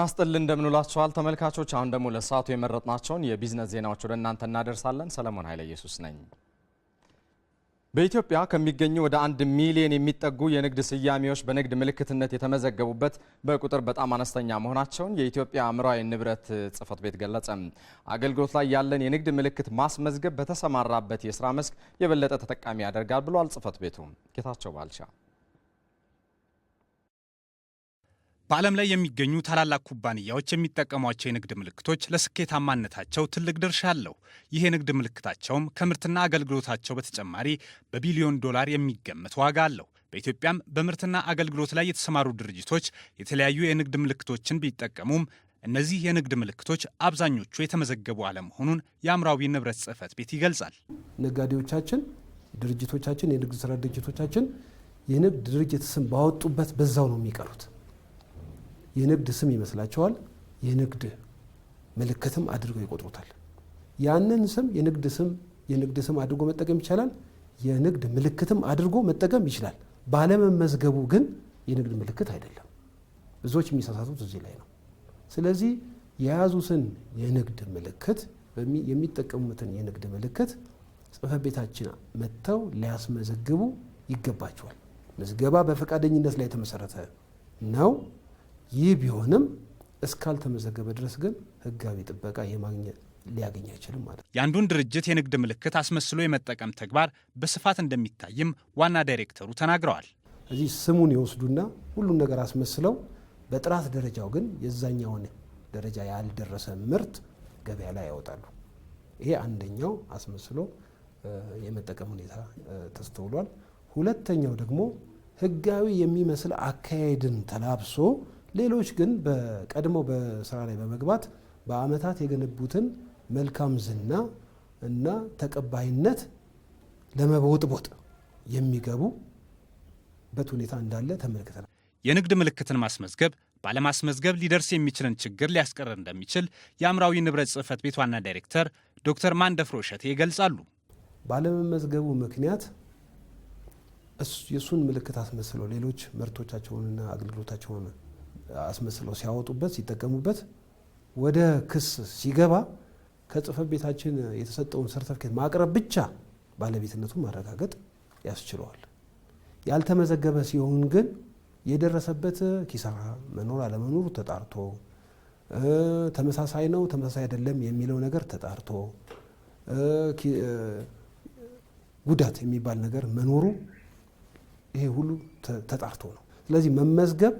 ናስጥል እንደምንላችኋል ተመልካቾች፣ አሁን ደግሞ ለሰዓቱ የመረጥናቸውን የቢዝነስ ዜናዎች ወደ እናንተ እናደርሳለን። ሰለሞን ኃይለ ኢየሱስ ነኝ። በኢትዮጵያ ከሚገኙ ወደ አንድ ሚሊዮን የሚጠጉ የንግድ ስያሜዎች በንግድ ምልክትነት የተመዘገቡበት በቁጥር በጣም አነስተኛ መሆናቸውን የኢትዮጵያ አእምሯዊ ንብረት ጽሕፈት ቤት ገለጸ። አገልግሎት ላይ ያለን የንግድ ምልክት ማስመዝገብ በተሰማራበት የስራ መስክ የበለጠ ተጠቃሚ ያደርጋል ብሏል ጽሕፈት ቤቱ። ጌታቸው ባልቻ በዓለም ላይ የሚገኙ ታላላቅ ኩባንያዎች የሚጠቀሟቸው የንግድ ምልክቶች ለስኬታማነታቸው ትልቅ ድርሻ አለው። ይህ የንግድ ምልክታቸውም ከምርትና አገልግሎታቸው በተጨማሪ በቢሊዮን ዶላር የሚገመት ዋጋ አለው። በኢትዮጵያም በምርትና አገልግሎት ላይ የተሰማሩ ድርጅቶች የተለያዩ የንግድ ምልክቶችን ቢጠቀሙም እነዚህ የንግድ ምልክቶች አብዛኞቹ የተመዘገቡ አለመሆኑን የአምራዊ ንብረት ጽህፈት ቤት ይገልጻል። ነጋዴዎቻችን፣ ድርጅቶቻችን፣ የንግድ ስራ ድርጅቶቻችን የንግድ ድርጅት ስም ባወጡበት በዛው ነው የሚቀሩት። የንግድ ስም ይመስላቸዋል፣ የንግድ ምልክትም አድርገው ይቆጥሩታል። ያንን ስም የንግድ ስም የንግድ ስም አድርጎ መጠቀም ይቻላል፣ የንግድ ምልክትም አድርጎ መጠቀም ይችላል። ባለመመዝገቡ ግን የንግድ ምልክት አይደለም። ብዙዎች የሚሳሳቱት እዚህ ላይ ነው። ስለዚህ የያዙትን የንግድ ምልክት የሚጠቀሙትን የንግድ ምልክት ጽሕፈት ቤታችን መጥተው ሊያስመዘግቡ ይገባቸዋል። ምዝገባ በፈቃደኝነት ላይ የተመሰረተ ነው። ይህ ቢሆንም እስካልተመዘገበ ድረስ ግን ህጋዊ ጥበቃ የማግኘት ሊያገኝ አይችልም ማለት ነው። የአንዱን ድርጅት የንግድ ምልክት አስመስሎ የመጠቀም ተግባር በስፋት እንደሚታይም ዋና ዳይሬክተሩ ተናግረዋል። እዚህ ስሙን ይወስዱና ሁሉን ነገር አስመስለው በጥራት ደረጃው ግን የዛኛውን ደረጃ ያልደረሰ ምርት ገበያ ላይ ያወጣሉ። ይሄ አንደኛው አስመስሎ የመጠቀም ሁኔታ ተስተውሏል። ሁለተኛው ደግሞ ህጋዊ የሚመስል አካሄድን ተላብሶ ሌሎች ግን በቀድሞ በስራ ላይ በመግባት በአመታት የገነቡትን መልካም ዝና እና ተቀባይነት ለመቦጥቦጥ የሚገቡበት ሁኔታ እንዳለ ተመልክተናል። የንግድ ምልክትን ማስመዝገብ ባለማስመዝገብ ሊደርስ የሚችልን ችግር ሊያስቀር እንደሚችል የአምራዊ ንብረት ጽህፈት ቤት ዋና ዳይሬክተር ዶክተር ማንደፍሮ እሸቴ ይገልጻሉ። ባለመመዝገቡ ምክንያት የእሱን ምልክት አስመስለው ሌሎች ምርቶቻቸውንና አገልግሎታቸውን አስመስለው ሲያወጡበት ሲጠቀሙበት ወደ ክስ ሲገባ ከጽህፈት ቤታችን የተሰጠውን ሰርተፍኬት ማቅረብ ብቻ ባለቤትነቱን ማረጋገጥ ያስችለዋል። ያልተመዘገበ ሲሆን ግን የደረሰበት ኪሳራ መኖር አለመኖሩ ተጣርቶ ተመሳሳይ ነው ተመሳሳይ አይደለም የሚለው ነገር ተጣርቶ ጉዳት የሚባል ነገር መኖሩ ይሄ ሁሉ ተጣርቶ ነው። ስለዚህ መመዝገብ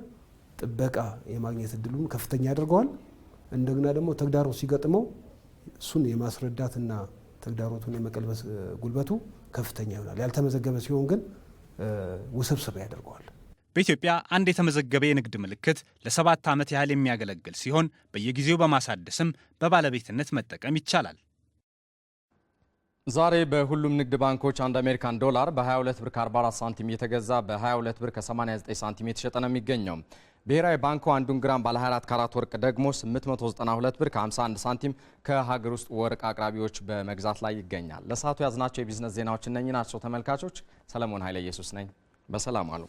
ጥበቃ የማግኘት እድሉን ከፍተኛ ያደርገዋል። እንደገና ደግሞ ተግዳሮት ሲገጥመው እሱን የማስረዳትና ተግዳሮቱን የመቀልበስ ጉልበቱ ከፍተኛ ይሆናል። ያልተመዘገበ ሲሆን ግን ውስብስብ ያደርገዋል። በኢትዮጵያ አንድ የተመዘገበ የንግድ ምልክት ለሰባት ዓመት ያህል የሚያገለግል ሲሆን በየጊዜው በማሳደስም በባለቤትነት መጠቀም ይቻላል። ዛሬ በሁሉም ንግድ ባንኮች አንድ አሜሪካን ዶላር በ22 ብር ከ44 ሳንቲም እየተገዛ በ22 ብር ከ89 ሳንቲም የተሸጠ ነው የሚገኘው። ብሔራዊ ባንኩ አንዱን ግራም ባለ 24 ካራት ወርቅ ደግሞ 892 ብር ከ51 ሳንቲም ከሀገር ውስጥ ወርቅ አቅራቢዎች በመግዛት ላይ ይገኛል። ለሰዓቱ ያዝናቸው የቢዝነስ ዜናዎች እነኚህ ናቸው። ተመልካቾች ሰለሞን ኃይለ ኢየሱስ ነኝ። በሰላም አሉ።